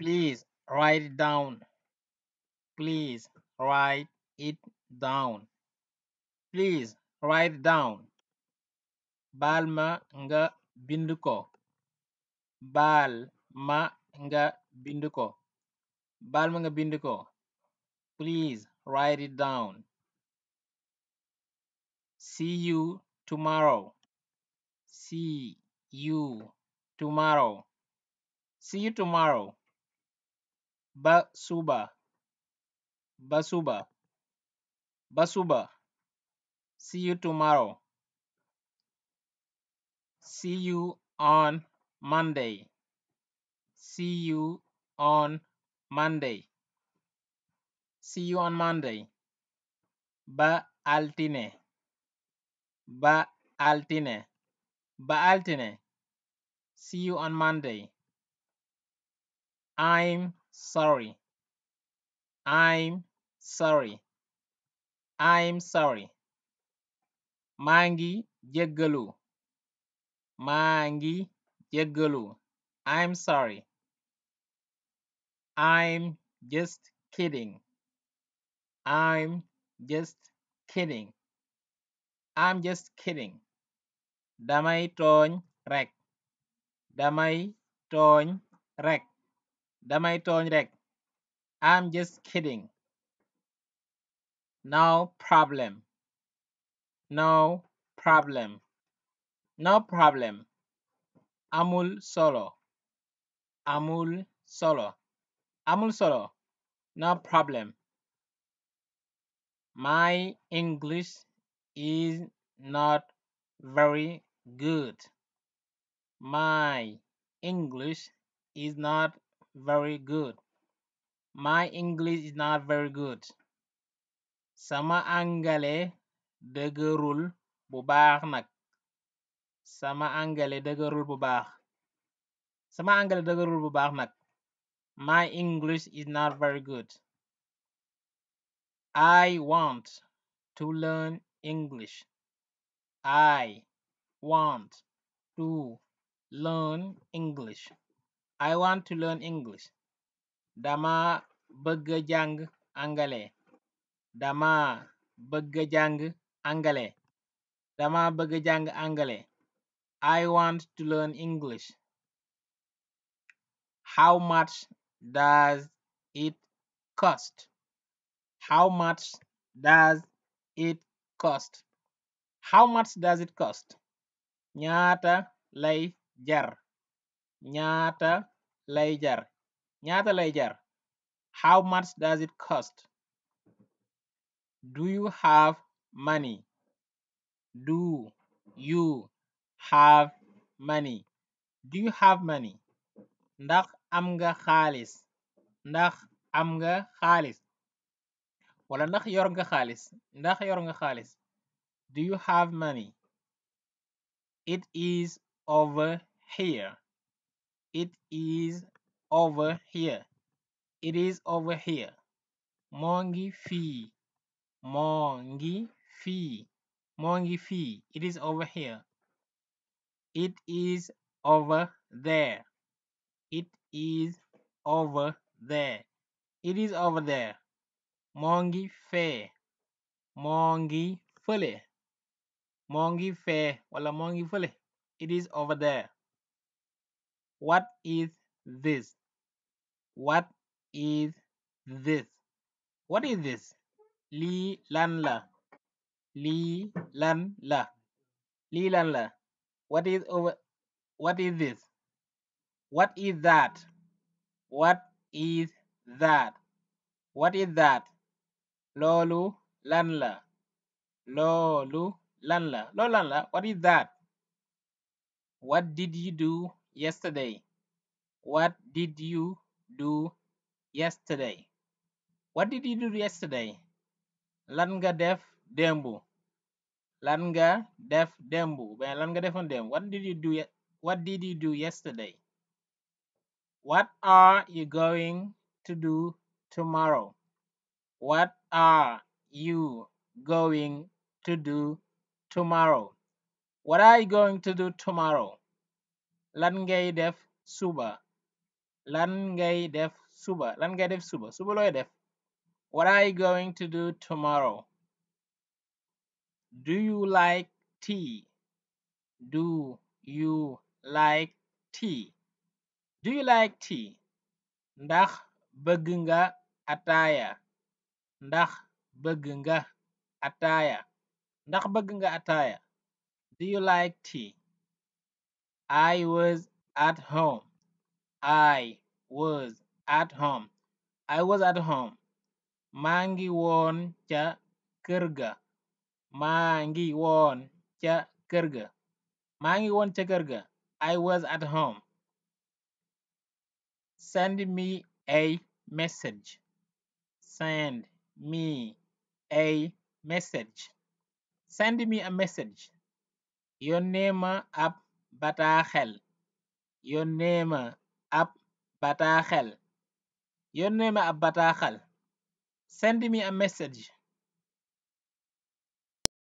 Please write it down. Please write it down. Please write it down. Baal ma nga bind ko. Baal ma nga bind ko. Baal ma nga bind Please write it down. See you tomorrow. See you tomorrow. See you tomorrow. Basuba Basuba Basuba See you tomorrow. See you on Monday. See you on Monday. See you on Monday. Ba altine. Ba altine. Ba altine. See you on Monday. I'm sorry. I'm sorry. I'm sorry. maa ngi jéggalu maa ngi jéggalu I'm sorry. I'm just kidding. I'm just kidding. I'm just kidding. damay tooñ rekk damay tooñ rekk damay tooñ rekk I'm just kidding no problem no problem no problem solo amul solo amul solo no problem my English is not very good my English is not very good. My English is not very good. Sama angale dëgërul bu baax nag. Sama angale dëgërul bu baax. bu baax nag. My English is not very good. I want to learn English. I want to learn English. I want to learn English. Dama bëgga jàng angale. Dama bëgga jàng angale. Dama bëgga jàng angale. I want to learn English. How much does it cost? How much does it cost? How much does it cost? ñaata lay jar. ñaata lay jar ñaata lay jar how much does it cost do you have money do you have money do you have money ndax am nga xaalis ndax am nga xaalis wala ndax yor nga xaalis ndax yor nga xaalis do you have money it is over here It is over here. It is over here. Moo ngi fii. Moo ngi fii. Moo ngi fii. It is over here. It is over there. It is over there. It is over there. Moo ngi fee. Moo ngi fële. Moo ngi fee wala moo ngi fële. It is over there. What is this? What is this? What is this? Lii lan la. Lii lan la. Lii lan la. What is over? What is this? What is that? What is that? What is that? Loolu lan la. Loolu lan la. Loolu lan la. What is that? What did you do yesterday? What did you do yesterday? What did you do yesterday? Lan nga def démb? Lan nga def démb? Ben lan nga defoon démb? What did you do What did you do yesterday? What are you going to do tomorrow? What are you going to do tomorrow? What are you going to do tomorrow? lan ngay def suba lan ngay def suba lan ngay def suba suba looy def what are you going to do tomorrow do you like tea do you like tea ndax bëgg nga ataaya ndax bëgg nga ataaya ndax bëgg nga ataaya do you like tea I was at home. I was at home. I was at home. maa ngi woon ca kër ga. maa ngi woon ca kër ga. maa ngi woon ca kër ga. I was at home. Send me a message. Send me a message. Send me a message. yónnee ma bataaxel yónnee ma ab bataaxel yónnee ma ab bataaxel send me a message